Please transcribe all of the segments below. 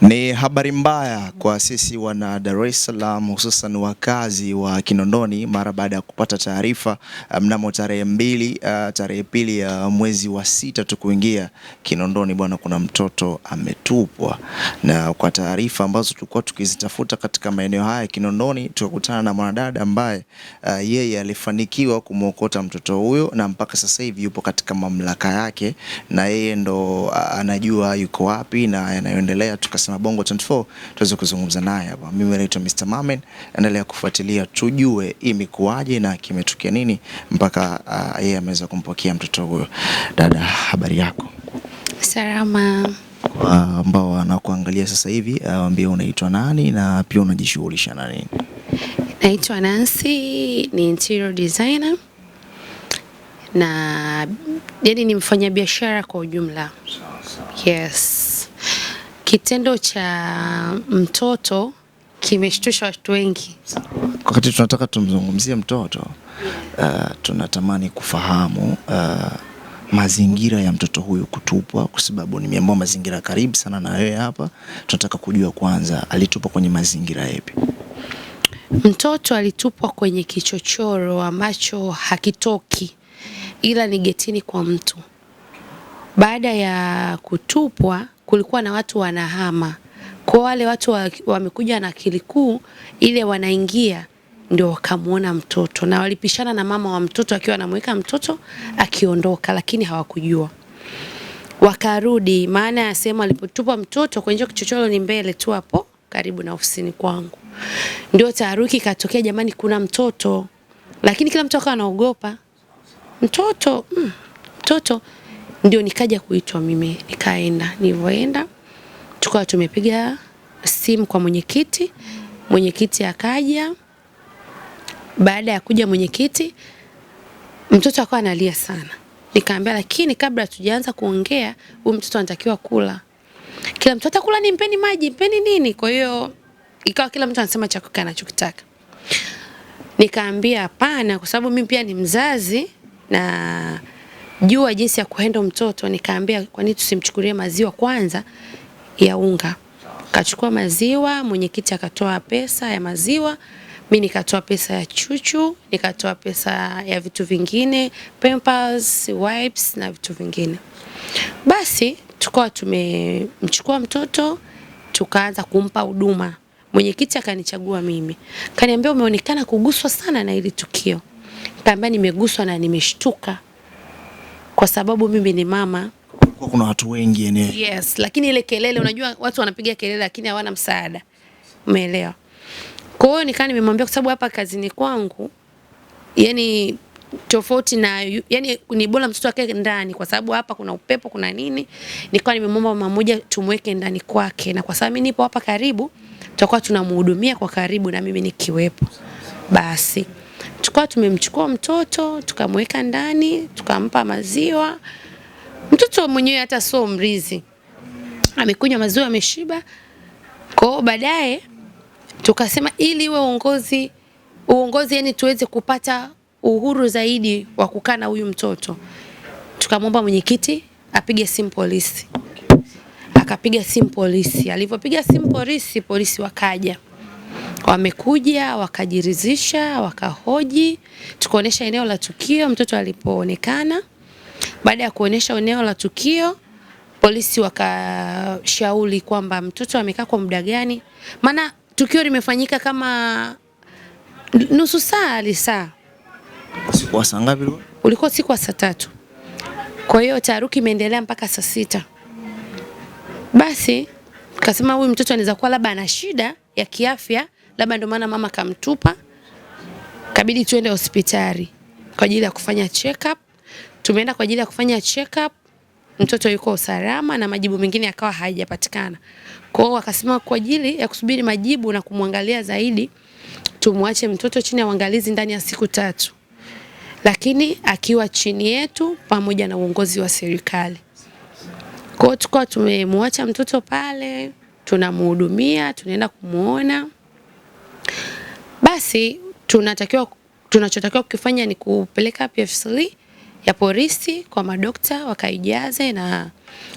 Ni habari mbaya kwa sisi wana Dar es Salaam hususan wakazi wa Kinondoni mara baada ya kupata taarifa uh, mnamo tarehe mbili uh, tarehe pili ya uh, mwezi wa sita kuingia Kinondoni bwana, kuna mtoto ametupwa, na kwa taarifa ambazo tulikuwa tukizitafuta katika maeneo haya Kinondoni, tukakutana na mwanadada ambaye uh, yeye alifanikiwa kumwokota mtoto huyo, na mpaka sasa hivi yupo katika mamlaka yake, na yeye ndo uh, anajua yuko wapi na yanayoendelea tuka anasema Bongo 24 tuweze kuzungumza naye hapa. Mimi naitwa Mr. Mamen, endelea kufuatilia tujue imekuaje na kimetukia nini mpaka uh, yeye ameweza kumpokea mtoto huyo. Dada, habari yako? Salama. Kwa ambao wanakuangalia sasa hivi, uh, waambie unaitwa nani na pia unajishughulisha na nini? Naitwa Nancy, ni interior designer na yani ni mfanyabiashara kwa ujumla. Yes. Kitendo cha mtoto kimeshtusha watu wengi. Wakati tunataka tumzungumzie mtoto uh, tunatamani kufahamu uh, mazingira ya mtoto huyu kutupwa, kwa sababu nimeambiwa mazingira karibu sana na wewe hapa. Tunataka kujua kwanza, alitupwa kwenye mazingira yapi? Mtoto alitupwa kwenye kichochoro ambacho hakitoki ila ni getini kwa mtu. Baada ya kutupwa kulikuwa na watu wanahama, kwa wale watu wamekuja na akili kuu ile wanaingia ndio wakamwona mtoto na walipishana na mama wa mtoto akiwa anamweka mtoto akiondoka, lakini hawakujua wakarudi. Maana ya sehemu alipotupa mtoto kwenye kichochoro ni mbele tu hapo karibu na ofisini kwangu, ndio taharuki katokea, jamani, kuna mtoto. Lakini kila mtu akawa anaogopa mtoto, mm, mtoto ndio nikaja kuitwa mimi, nikaenda. Nilivyoenda tukawa tumepiga simu kwa mwenyekiti, mwenyekiti akaja. Baada ya kuja mwenyekiti, mtoto akawa analia sana, nikaambia lakini kabla tujaanza kuongea, huyu mtoto anatakiwa kula. Kila mtu atakula, ni mpeni maji, mpeni nini. Kwa hiyo ikawa kila mtu anasema chakula anachokitaka. Nikaambia hapana, kwa sababu mimi pia ni mzazi na jua jinsi ya kuhendo mtoto, nikaambia kwa nini tusimchukulie maziwa kwanza ya unga. Kachukua maziwa, mwenyekiti akatoa pesa ya maziwa, mimi nikatoa pesa ya chuchu, nikatoa pesa ya vitu vingine, Pampers, wipes na vitu vingine. Basi tukawa tumemchukua mtoto tukaanza kumpa huduma. Mwenyekiti akanichagua mimi, kaniambia umeonekana kuguswa sana na hili tukio. Kaambia nimeguswa na nimeshtuka kwa sababu mimi ni mama kwa kuna watu wengi eneo. Yes, lakini ile kelele, unajua watu wanapiga kelele lakini hawana msaada, umeelewa? Kwa hiyo nikaa nimemwambia, kwa sababu hapa kazini kwangu yani tofauti na yani, ni bora mtoto akae ndani, kwa sababu hapa kuna upepo, kuna nini. Nilikuwa nimemwomba mama mmoja tumweke ndani kwake, na kwa sababu mimi nipo hapa karibu, tutakuwa tunamhudumia kwa karibu na mimi nikiwepo, basi tukawa tumemchukua mtoto tukamweka ndani tukampa maziwa. Mtoto mwenyewe hata sio mrizi, amekunywa maziwa ameshiba. Kwa hiyo baadaye tukasema ili iwe uongozi uongozi, yani tuweze kupata uhuru zaidi wa kukaa na huyu mtoto, tukamwomba mwenyekiti apige simu polisi. Akapiga simu polisi, alivyopiga simu polisi, polisi wakaja Wamekuja wakajiridhisha, wakahoji, tukaonyesha eneo la tukio mtoto alipoonekana. Baada ya kuonyesha eneo la tukio, polisi wakashauri kwamba mtoto amekaa kwa muda gani, maana tukio limefanyika kama nusu saa hadi saa. Siku saa ngapi? Ulikuwa siku saa tatu. Kwa hiyo taharuki imeendelea mpaka saa sita. Basi kasema huyu mtoto anaweza kuwa labda ana shida ya kiafya labda ndio maana mama kamtupa, kabidi tuende hospitali kwa ajili ya kufanya check up. Tumeenda kwa ajili ya kufanya check up, mtoto yuko salama na majibu mengine yakawa hayajapatikana. Kwa hiyo wakasema kwa ajili ya kusubiri majibu na kumwangalia zaidi, tumwache mtoto chini ya uangalizi ndani ya siku tatu, lakini akiwa chini yetu pamoja na uongozi wa serikali. Kwa hiyo tukawa tumemwacha mtoto pale, tunamhudumia, tunaenda kumwona basi tunatakiwa tunachotakiwa kukifanya ni kupeleka pf ya polisi kwa madokta wakaijaze na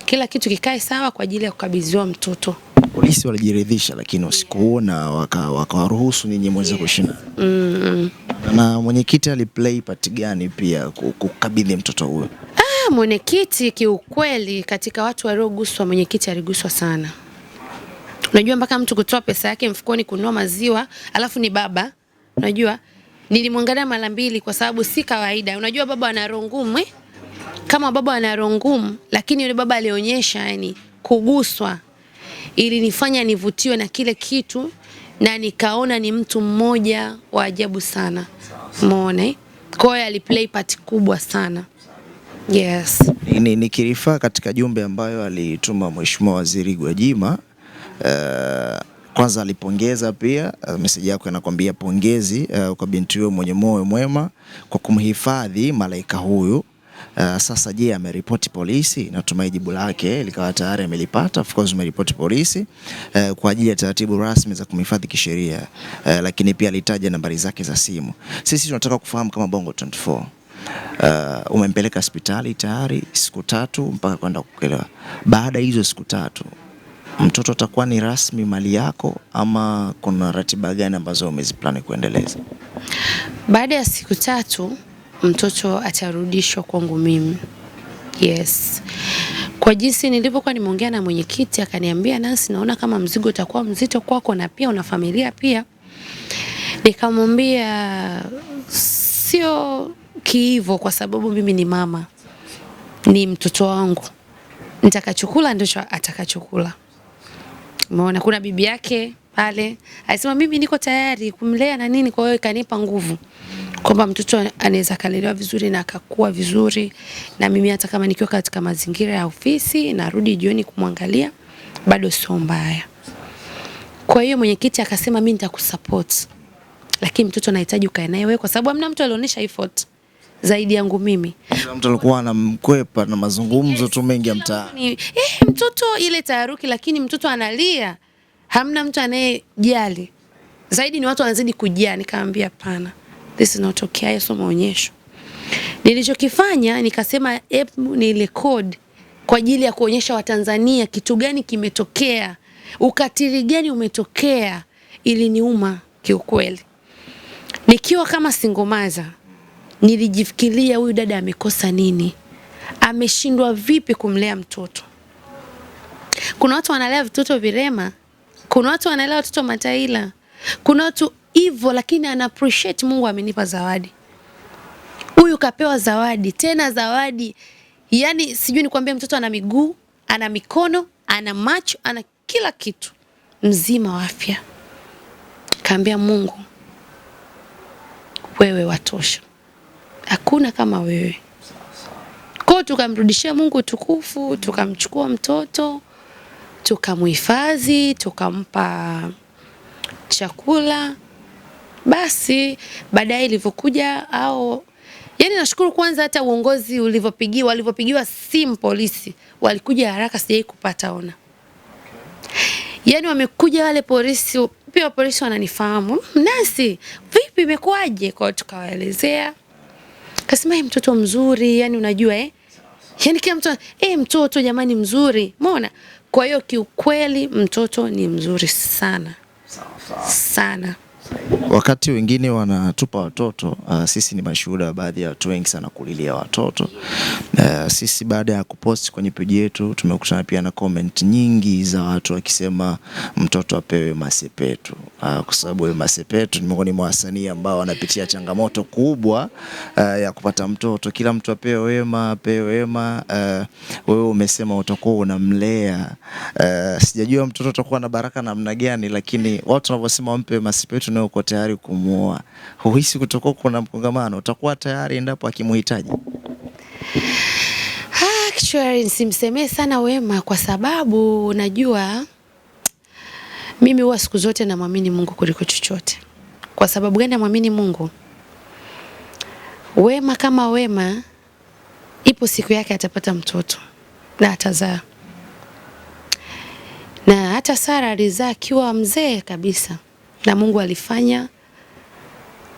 kila kitu kikae sawa kwa ajili ya kukabidhiwa mtoto. Polisi walijiridhisha lakini usiku huo na wakawaruhusu waka ninyi mweze kushina. -mm. Na mwenyekiti aliplay part gani pia kukabidhi mtoto huyo? Ah, mwenyekiti kiukweli, katika watu walioguswa, mwenyekiti aliguswa sana. Unajua mpaka mtu kutoa pesa yake mfukoni kununua maziwa, alafu ni baba. Unajua nilimwangalia mara mbili kwa sababu si kawaida. Unajua baba ana roho ngumu, eh? kama baba ana roho ngumu, lakini yule baba alionyesha yani kuguswa, ili nifanya nivutiwe na kile kitu na nikaona ni mtu mmoja wa ajabu sana. Muone eh? kwa hiyo aliplay part kubwa sana. Yes. Ni, Nikirifa katika jumbe ambayo alituma Mheshimiwa Waziri Gwajima Eh, kwanza alipongeza pia uh, eh, meseji yako inakwambia pongezi uh, kwa binti huyo mwenye moyo mwema kwa kumhifadhi malaika huyu. Uh, sasa je, ameripoti polisi? Natumai jibu lake likawa tayari amelipata. Of course umeripoti polisi uh, kwa ajili ya taratibu rasmi za kumhifadhi kisheria uh, lakini pia alitaja nambari zake za simu. Sisi tunataka kufahamu kama Bongo 24 Uh, umempeleka hospitali tayari siku tatu mpaka kwenda kukelewa. Baada hizo siku tatu mtoto atakuwa ni rasmi mali yako ama kuna ratiba gani ambazo umeziplani kuendeleza? Baada ya siku tatu mtoto atarudishwa kwangu mimi. Yes. Kwa jinsi nilivyokuwa nimeongea na mwenyekiti akaniambia, Nancy, naona kama mzigo utakuwa mzito kwako na pia una familia pia. Nikamwambia sio kiivo, kwa sababu mimi ni mama, ni mtoto wangu, nitakachukula ndicho atakachukula. Umeona kuna bibi yake pale alisema mimi niko tayari kumlea na nini, kwa hiyo ikanipa nguvu kwamba mtoto anaweza kalelewa vizuri na akakua vizuri, na mimi hata kama nikiwa katika mazingira ya ofisi narudi jioni kumwangalia bado sio mbaya. Kwa hiyo mwenyekiti akasema mimi nitakusupport, lakini mtoto anahitaji ukae naye wewe, kwa sababu hamna mtu alionyesha effort zaidi yangu mimi. Kila mtu alikuwa anamkwepa na mazungumzo yes, tu mengi ya mtaani. Eh, mtoto ile taharuki, lakini mtoto analia, hamna mtu anayejali zaidi, ni watu wanazidi kujia. Nikamwambia hapana, this is not okay, sio maonyesho. Nilichokifanya nikasema hebu nirekodi kwa ajili ya kuonyesha Watanzania kitu gani kimetokea, ukatili gani umetokea. Iliniuma kiukweli, nikiwa kama singomaza nilijifikiria huyu dada amekosa nini, ameshindwa vipi kumlea mtoto. Kuna watu wanalea vitoto virema kuna watu wanalea watoto mataila, kuna watu hivyo, lakini ana appreciate Mungu amenipa zawadi. Huyu kapewa zawadi, tena zawadi, yani sijui nikwambie, mtoto ana miguu, ana mikono, ana macho, ana kila kitu, mzima wa afya. Kaambia Mungu, wewe watosha hakuna kama wewe. Kwa tukamrudishia Mungu tukufu, tukamchukua mtoto tukamhifadhi, tukampa chakula. Basi baadaye ilivyokuja au Yaani nashukuru kwanza hata uongozi ulivyopigiwa walivyopigiwa simu polisi walikuja haraka sijai kupata ona. Yaani wamekuja wale polisi pia polisi wananifahamu. Mm, nasi vipi imekuwaje? Kwa tukawaelezea Kasema yeye eh, mtoto mzuri, yani unajua eh? Yani kila mtu eh, mtoto jamani mzuri. Umeona? Kwa hiyo kiukweli mtoto ni mzuri sana. Sana. Wakati wengine wanatupa watoto uh, sisi ni mashuhuda wa baadhi ya watu wengi sana kulilia watoto uh, sisi baada ya kupost kwenye peji yetu tumekutana pia na comment nyingi za watu wakisema mtoto apewe masepetu uh, kwa sababu masepetu ni miongoni mwa wasanii ambao wanapitia changamoto kubwa uh, ya kupata mtoto. Kila mtu apewe wema, apewe wema. Uh, wewe umesema utakuwa unamlea uh, sijajua mtoto atakuwa na baraka namna gani, lakini watu wanavyosema wampe masepetu tuseme uko tayari kumuoa, huhisi kutokuwa kuna mkongamano, utakuwa tayari endapo akimuhitaji? Actually ah, simsemee sana Wema kwa sababu unajua mimi huwa siku zote namwamini Mungu kuliko chochote. Kwa sababu gani namwamini Mungu? Wema kama Wema, ipo siku yake atapata mtoto na atazaa, na hata Sara alizaa akiwa mzee kabisa na Mungu alifanya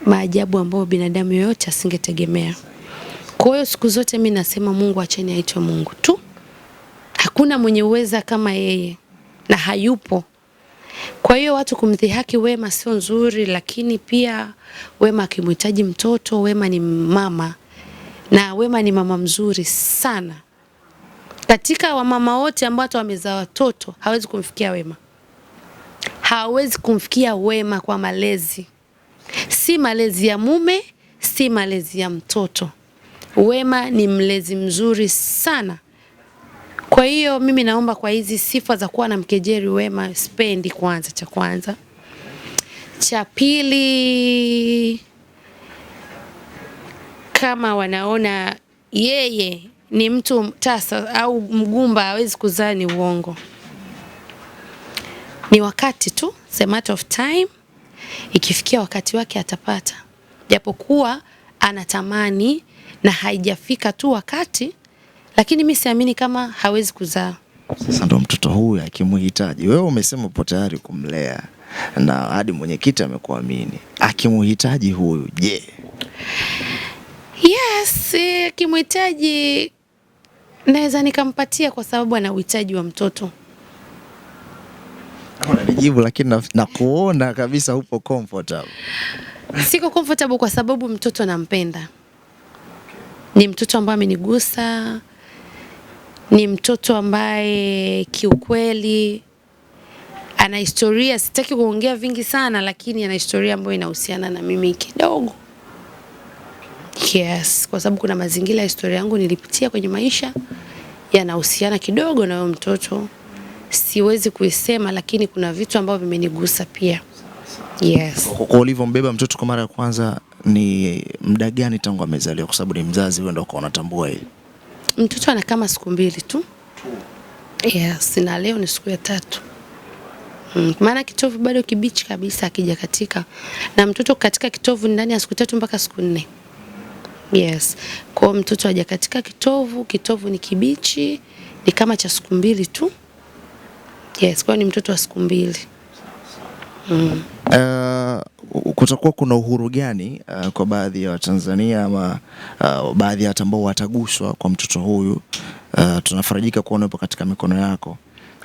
maajabu ambayo binadamu yoyote asingetegemea. Kwa hiyo siku zote mimi nasema Mungu, acheni aitwe Mungu tu, hakuna mwenye uweza kama yeye na hayupo. Kwa hiyo watu kumdhihaki Wema sio nzuri, lakini pia Wema akimhitaji mtoto, Wema ni mama na Wema ni mama mzuri sana. Katika wamama wote ambao wamezaa watoto hawezi kumfikia Wema hawawezi kumfikia wema kwa malezi, si malezi ya mume, si malezi ya mtoto. Wema ni mlezi mzuri sana. Kwa hiyo mimi naomba kwa hizi sifa za kuwa na mkejeri wema spendi kwanza, cha kwanza. Cha pili, kama wanaona yeye ni mtu tasa au mgumba hawezi kuzaa, ni uongo. Ni wakati tu, it's a matter of time. Ikifikia wakati wake atapata, japokuwa anatamani na haijafika tu wakati, lakini mi siamini kama hawezi kuzaa. Sasa ndo mtoto huyu akimhitaji, wewe umesema upo tayari kumlea na hadi mwenyekiti amekuamini, akimhitaji huyu je? Yeah. Yes, eh, akimhitaji naweza nikampatia kwa sababu ana uhitaji wa mtoto unanijibu lakini nakuona kabisa upo comfortable. Siko comfortable kwa sababu mtoto nampenda, ni mtoto ambaye amenigusa, ni mtoto ambaye kiukweli ana historia. Sitaki kuongea vingi sana, lakini ana historia ambayo inahusiana na mimi kidogo Yes, kwa sababu kuna mazingira ya historia yangu nilipitia kwenye maisha yanahusiana kidogo na huyo mtoto siwezi kuisema, lakini kuna vitu ambavyo vimenigusa pia. Yes. Kwa ulivyombeba mtoto kwa mara ya kwanza ni muda gani tangu amezaliwa? Kwa sababu ni mzazi wewe, ndio kwa unatambua hili. Mtoto ana kama siku mbili tu. Yes, na leo ni siku ya tatu. Mm, maana kitovu bado kibichi kabisa akijakatika, na mtoto katika kitovu ndani ya siku tatu mpaka siku nne. Yes, kwa mtoto hajakatika kitovu, kitovu ni kibichi, ni kama cha siku mbili tu. Yes, kwa ni mtoto wa siku mbili. Mm. Uh, kutakuwa kuna uhuru gani uh, kwa baadhi ya Watanzania ama uh, baadhi ya watu ambao wataguswa kwa mtoto huyu uh, tunafarajika kuona yupo katika mikono yako.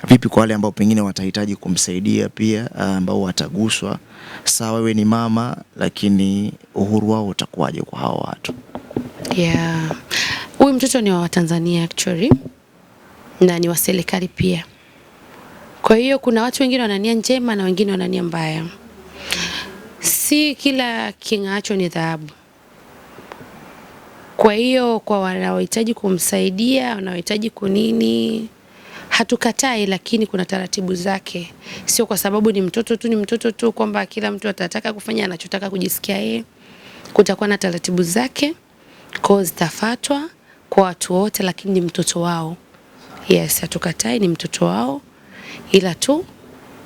Vipi kwa wale ambao pengine watahitaji kumsaidia pia uh, ambao wataguswa, sawa wewe ni mama, lakini uhuru wao utakuwaje kwa hao watu? Yeah. Huyu mtoto ni wa Watanzania actually na ni wa serikali pia kwa hiyo kuna watu wengine wanania njema na wengine wanania mbaya. Si kila king'aacho ni dhahabu. Kwa hiyo kwa wanaohitaji kumsaidia, wanaohitaji kunini, hatukatai, lakini kuna taratibu zake. Sio kwa sababu ni mtoto tu ni mtoto tu kwamba kila mtu atataka kufanya anachotaka kujisikia yeye. Kutakuwa na taratibu zake kwa zitafatwa kwa watu wote, lakini ni mtoto wao. Yes, hatukatai, ni mtoto wao ila tu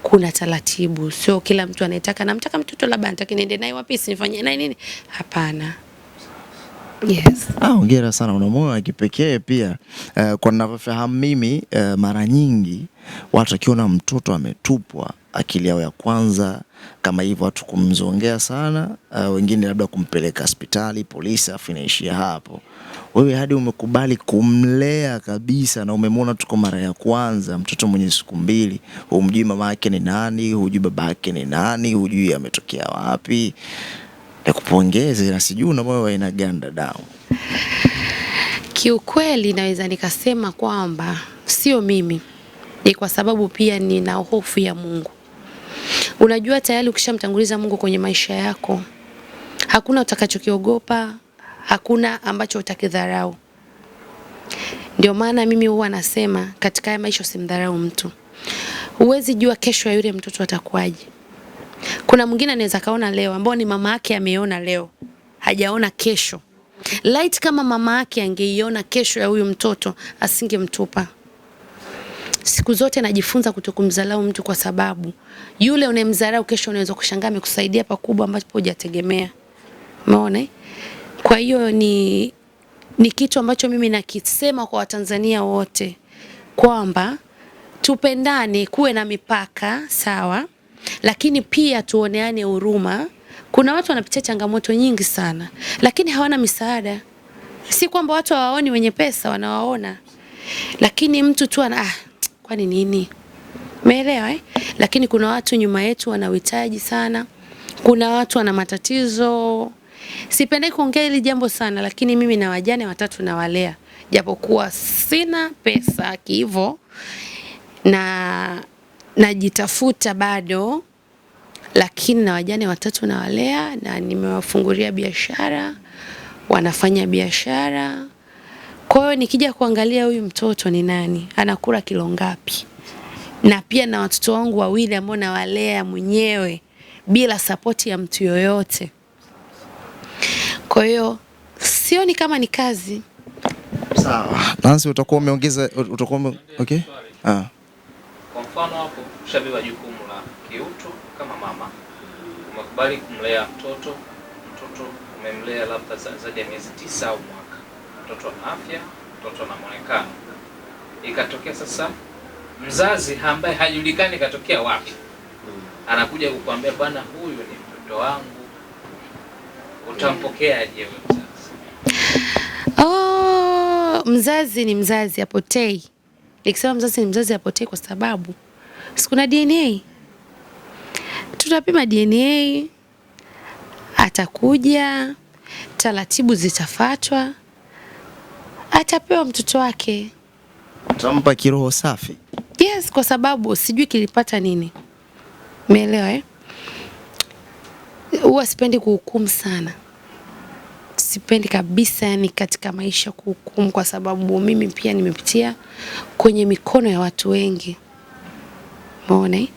kuna taratibu, sio kila mtu anayetaka. Namtaka mtoto labda anataka niende naye wapi, nifanye naye nini? Hapana. Yes. Ah, sana, una moyo wa kipekee pia. Uh, kwa ninavyofahamu mimi uh, mara nyingi watu akiona mtoto ametupwa akili yao ya kwanza kama hivyo watu kumzongea sana, uh, wengine labda kumpeleka hospitali, polisi, afu inaishia hapo wewe hadi umekubali kumlea kabisa, na umemwona tuko mara ya kwanza, mtoto mwenye siku mbili, humjui mama yake ni nani, hujui baba yake ni nani, hujui ametokea wapi. Nakupongeze na sijui una moyo wa aina gani Kiukweli naweza nikasema kwamba sio mimi, ni kwa sababu pia nina hofu ya Mungu. Unajua, tayari ukishamtanguliza Mungu kwenye maisha yako hakuna utakachokiogopa hakuna ambacho utakidharau. Ndio maana mimi huwa nasema katika haya maisha usimdharau mtu. Huwezi jua kesho ya yule mtoto atakuwaje. Kuna mwingine anaweza kaona leo ambao ni mama yake ameona leo, hajaona kesho. Light kama mama yake angeiona kesho ya huyu mtoto asingemtupa. Siku zote najifunza kutokumdharau mtu kwa sababu yule unayemdharau kesho unaweza kushangaa amekusaidia pakubwa ambapo hujategemea. Umeona? Eh? Kwa hiyo ni, ni kitu ambacho mimi nakisema kwa Watanzania wote kwamba tupendane, kuwe na mipaka sawa, lakini pia tuoneane huruma. Kuna watu wanapitia changamoto nyingi sana, lakini hawana misaada. Si kwamba watu hawaoni wenye pesa, wanawaona, lakini mtu tu ana ah, kwani nini? Umeelewa eh? Lakini kuna watu nyuma yetu wana uhitaji sana, kuna watu wana matatizo Sipende kuongea hili jambo sana, lakini mimi na wajane watatu nawalea, japokuwa sina pesa kivo na najitafuta bado, lakini na wajane watatu nawalea na nimewafungulia biashara, wanafanya biashara. Kwa hiyo nikija kuangalia huyu mtoto ni nani, anakula kilo ngapi, na pia na watoto wangu wawili ambao nawalea mwenyewe bila sapoti ya mtu yoyote. Kwa hiyo sioni kama ni kazi. Sawa. Nancy utakuwa umeongeza utakuwa ume... okay? Ah. Kwa mfano hapo ushabeba jukumu la kiutu kama mama. Umekubali kumlea mtoto, mtoto umemlea labda zaidi ya miezi tisa au mwaka. Mtoto ana afya, mtoto ana muonekano. Ikatokea sasa mzazi ambaye hajulikani katokea wapi. Anakuja kukuambia bwana, huyu ni mtoto wangu utampokeaje mzazi? Oh, mzazi ni mzazi apotei. Nikisema mzazi ni mzazi apotei kwa sababu siku na DNA tutapima DNA, atakuja, taratibu zitafatwa, atapewa mtoto wake. Utampa kiroho safi? Yes, kwa sababu sijui kilipata nini, umeelewa eh? huwa sipendi kuhukumu sana, sipendi kabisa yani katika maisha kuhukumu, kwa sababu mimi pia nimepitia kwenye mikono ya watu wengi. Umeona?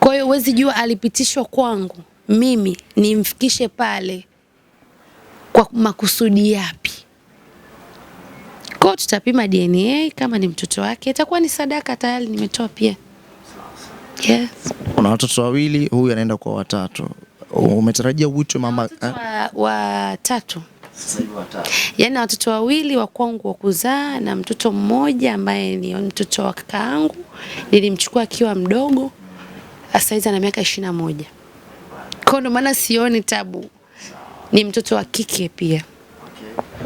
Kwa hiyo huwezi jua alipitishwa kwangu mimi nimfikishe pale kwa makusudi yapi. Kwa tutapima DNA, kama ni mtoto wake itakuwa ni sadaka tayari nimetoa pia. Yes. Una watoto wawili, huyu anaenda kwa watatu umetarajia uitwe mama watatu eh? wa yaani watoto wawili wa kwangu wa kuzaa na mtoto mmoja ambaye ni mtoto wa kakaangu nilimchukua akiwa mdogo, sasa hizi ana miaka ishirini na moja. Kwa ndo maana sioni tabu, ni mtoto wa kike pia.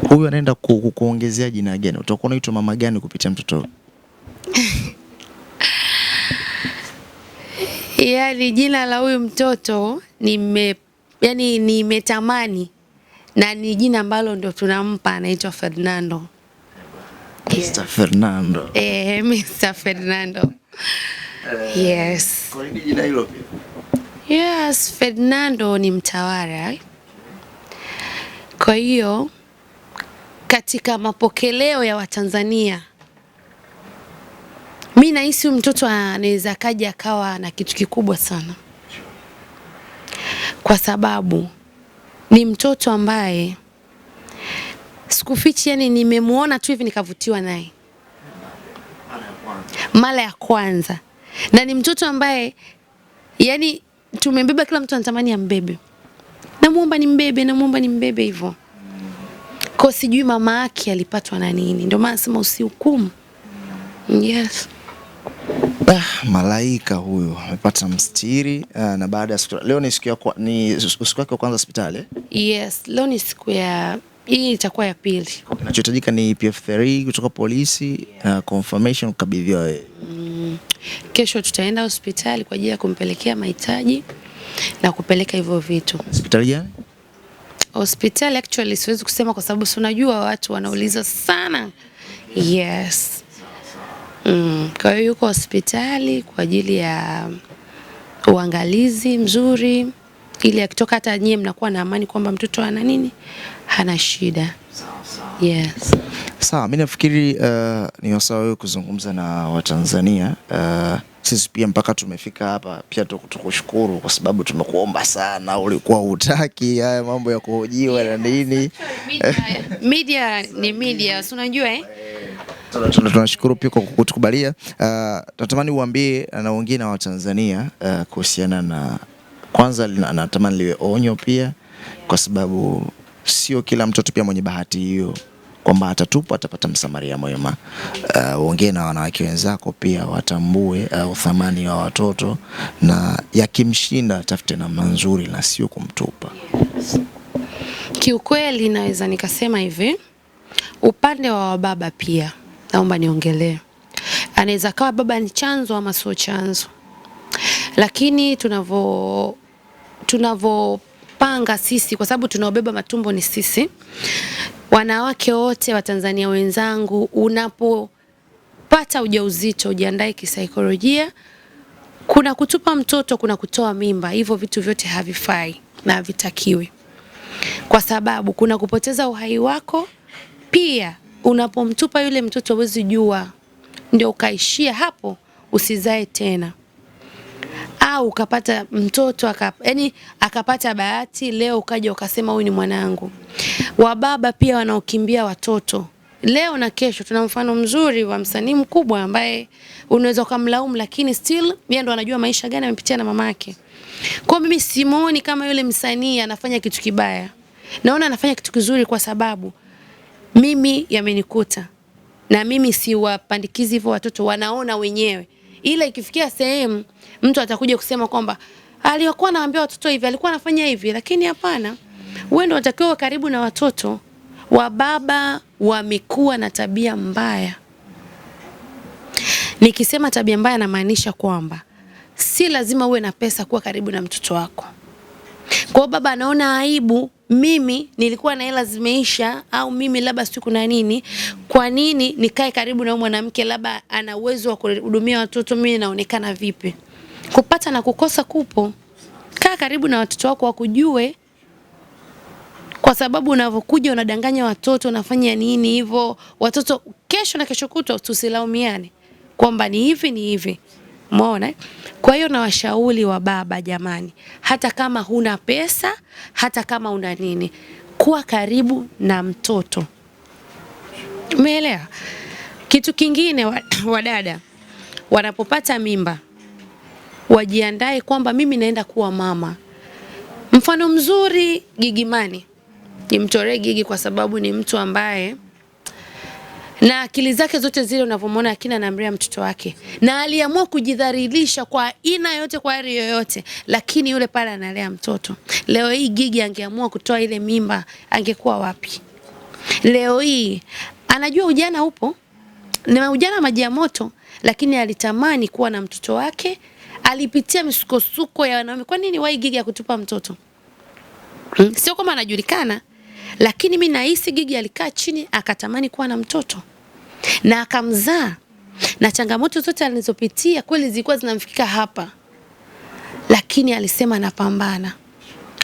Huyu anaenda ku, kuongezea jina gani? Utakuwa unaitwa mama gani kupitia mtoto? Yaani jina la huyu mtoto nime yani nimetamani na ni jina ambalo ndo tunampa, anaitwa Fernando. Mr. Fernando. Eh, Mr. Fernando. Eh, yes. Kwa nini jina hilo Yes, Fernando ni mtawala. Kwa hiyo katika mapokeleo ya Watanzania mi nahisi mtoto anaweza kaja akawa na kitu kikubwa sana kwa sababu ni mtoto ambaye sikufichi, yani nimemuona tu hivi nikavutiwa naye mara ya kwanza, na ni mtoto ambaye yani tumembeba, kila mtu anatamani ambebe, namuomba ni mbebe, namwomba ni mbebe hivyo kwa sijui mama yake alipatwa na nini, ndio maana nasema usihukumu. Yes. Ah, malaika huyu amepata mstiri uh, na baada ya leo ni siku yako ni siku yako kwanza hospitali? Yes, leo ni siku ya hii itakuwa ya pili. Kinachohitajika ni PF3 kutoka polisi yeah. Uh, confirmation kukabidhiwa wewe. Mm, kesho tutaenda hospitali kwa ajili ya kumpelekea mahitaji na kupeleka hivyo vitu. Hospitali gani? Hospitali actually siwezi kusema kwa sababu si unajua watu wanauliza sana. Yes. Mm, kwa hiyo yuko hospitali kwa ajili ya uangalizi mzuri ili akitoka hata nyie mnakuwa na amani kwamba mtoto ana nini, hana shida. Yes. Sawa, mimi nafikiri uh, ni wasawa wewe kuzungumza na Watanzania uh, sisi pia mpaka tumefika hapa pia tukushukuru kwa sababu tumekuomba sana, ulikuwa utaki haya mambo ya kuhojiwa na nini. Media ni media, si unajua eh? eh. Tunashukuru pia kwa kutukubalia. Ah, natamani uh, uambie ah, na wengine wa Tanzania uh, kuhusiana na kwanza, natamani liwe onyo pia, kwa sababu sio kila mtoto pia mwenye bahati hiyo kwamba atatupa atapata msamaria mwema. Uh, na wanawake wenzako pia watambue uh, uthamani wa watoto, na yakimshinda tafute namna nzuri na sio kumtupa. Kiukweli naweza nikasema hivi upande wa wababa pia naomba niongelee. Anaweza kawa baba ni chanzo ama sio chanzo, lakini tunavyo tunavyopanga sisi, kwa sababu tunaobeba matumbo ni sisi wanawake wote wa Tanzania wenzangu, unapopata ujauzito ujiandae kisaikolojia. Kuna kutupa mtoto, kuna kutoa mimba, hivyo vitu vyote havifai na havitakiwi, kwa sababu kuna kupoteza uhai wako pia unapomtupa yule mtoto huwezi jua, ndio ukaishia hapo usizae tena, au ukapata mtoto akap, yani akapata bahati leo ukaja ukasema huyu ni mwanangu. Wababa pia wanaokimbia watoto leo na kesho. Tuna mfano mzuri wa msanii mkubwa ambaye unaweza ukamlaumu, lakini still yeye ndo anajua maisha gani amepitia na mamake. Kwa mimi simoni kama yule msanii anafanya kitu kibaya, naona anafanya kitu kizuri kwa sababu mimi yamenikuta na mimi siwapandikizi hivyo, watoto wanaona wenyewe, ila ikifikia sehemu mtu atakuja kusema kwamba aliyokuwa anawaambia watoto hivi, alikuwa anafanya hivi, lakini hapana. Wewe ndio unatakiwa karibu na watoto. wa baba wamekuwa na tabia mbaya. Nikisema tabia mbaya, namaanisha kwamba si lazima uwe na pesa kuwa karibu na mtoto wako. Kwa hiyo baba anaona aibu, mimi nilikuwa na hela zimeisha, au mimi labda sijui kuna nini, kwa nini nikae karibu na mwanamke labda ana uwezo wa kuhudumia watoto, mimi naonekana vipi? Kupata na kukosa kupo. Kaa karibu na watoto wako wakujue, kwa sababu unavyokuja unadanganya watoto, unafanya nini hivyo watoto. Kesho na kesho kutwa tusilaumiane kwamba ni hivi ni hivi. Umeona? Kwa hiyo na washauli wa baba, jamani, hata kama huna pesa, hata kama una nini, kuwa karibu na mtoto. Umeelewa? Kitu kingine, wadada wanapopata mimba wajiandae kwamba mimi naenda kuwa mama. Mfano mzuri Gigimani, nimtoree Gigi kwa sababu ni mtu ambaye na akili zake zote zile unavyomwona akina Namria mtoto wake, na aliamua kujidhalilisha kwa aina yote, kwa hali yoyote, lakini yule pale analea mtoto. Leo hii Gigi angeamua kutoa ile mimba, angekuwa wapi leo hii? Anajua ujana upo na ujana maji ya moto, lakini alitamani kuwa na mtoto wake. Alipitia misukosuko ya wanaume. Kwa nini wai Gigi akutupa mtoto? Hmm, sio kama anajulikana lakini mi nahisi Gigi alikaa chini akatamani kuwa na mtoto na akamzaa, na changamoto zote alizopitia kweli zilikuwa zinamfikika hapa, lakini alisema anapambana,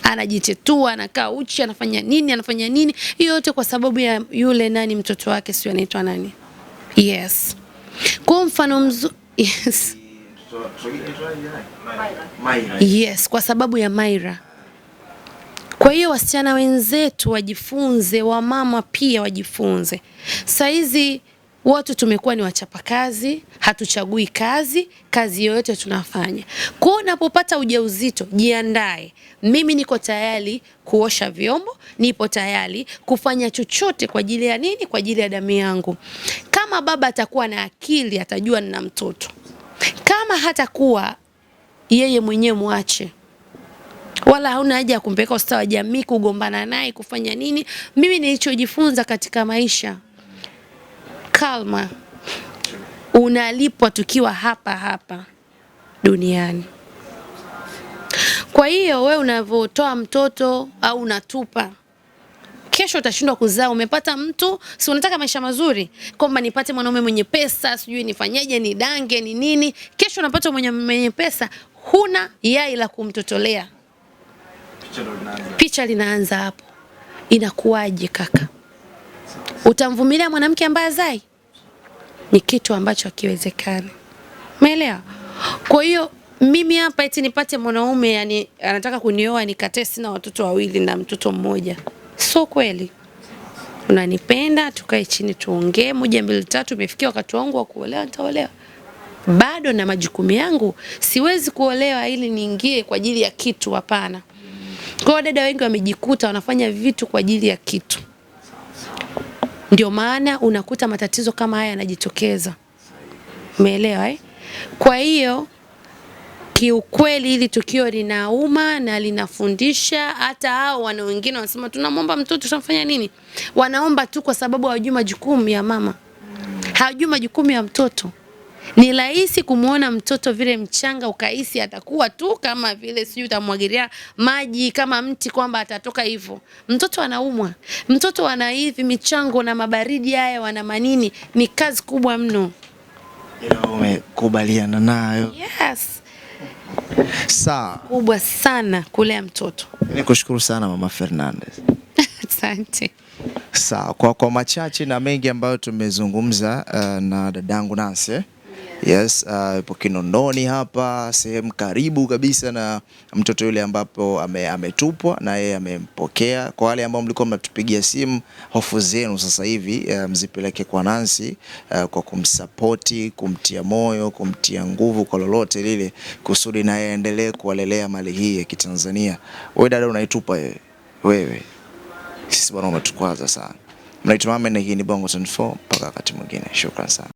anajitetua, anakaa uchi, anafanya nini, anafanya nini, hiyo yote kwa sababu ya yule nani, mtoto wake, sio anaitwa nani? Yes, kwa mfano mzu... yes. yes, kwa sababu ya Maira kwa hiyo wasichana wenzetu wajifunze, wamama pia wajifunze. Saizi watu tumekuwa ni wachapakazi, hatuchagui kazi, kazi yoyote tunafanya. Kwa hiyo unapopata ujauzito, jiandae. Mimi niko tayari kuosha vyombo, nipo tayari kufanya chochote. Kwa ajili ya nini? Kwa ajili ya damu yangu. Kama baba atakuwa na akili, atajua nina mtoto. Kama hatakuwa, yeye mwenyewe mwache wala hauna haja ya kumpeleka ustawi wa jamii, kugombana naye, kufanya nini. Mimi nilichojifunza katika maisha, kalma unalipwa tukiwa hapa hapa duniani. Kwa hiyo we unavyotoa mtoto au unatupa kesho utashindwa kuzaa. Umepata mtu, si unataka maisha mazuri, kwamba nipate mwanaume mwenye pesa, sijui nifanyeje, ni dange ni nini. Kesho unapata mwenye, mwenye pesa, huna yai la kumtotolea picha linaanza hapo. Inakuwaje kaka, utamvumilia mwanamke ambaye azai? Ni kitu ambacho hakiwezekani, umeelewa? Kwa hiyo mimi hapa eti nipate mwanaume yani anataka kunioa nikatee sina watoto wawili na mtoto mmoja, So kweli. Unanipenda, tukae chini tuongee, moja mbili tatu, imefikia wakati wangu wa kuolewa, nitaolewa. Bado na majukumu yangu, siwezi kuolewa ili niingie kwa ajili ya kitu, hapana. Kwa dada wengi wamejikuta wanafanya vitu kwa ajili ya kitu, ndio maana unakuta matatizo kama haya yanajitokeza. Umeelewa eh? Kwa hiyo kiukweli hili tukio linauma na linafundisha. Hata hao wana wengine wanasema tunamwomba mtoto, tunafanya nini? Wanaomba tu kwa sababu hawajui majukumu ya mama, hawajui majukumu ya mtoto. Ni rahisi kumwona mtoto vile mchanga ukahisi atakuwa tu kama vile sijui utamwagilia maji kama mti kwamba atatoka hivyo. Mtoto anaumwa, mtoto ana hivi michango na mabaridi haya, wana manini, ni kazi kubwa mno. Umekubaliana nayo? Yes. Sawa. Kubwa sana kulea mtoto. Nikushukuru sana Mama Fernandez. Asante. Sawa, kwa, kwa machache na mengi ambayo tumezungumza uh, na dadangu Nancy Yes, uh, ipo Kinondoni hapa, sehemu karibu kabisa na mtoto yule ambapo ame, ametupwa na yeye amempokea. Kwa wale ambao mlikuwa mnatupigia simu, hofu zenu sasa hivi uh, mzipeleke kwa Nancy uh, kwa kumsapoti, kumtia moyo, kumtia nguvu kwa lolote lile, kusudi na yeye endelee kuwalelea mali hii ya Kitanzania. Wewe dada unaitupa wewe, wewe sisi bwana, umetukwaza sana. Mnaitumame na hii ni Bongo 24 mpaka wakati mwingine, shukran sana.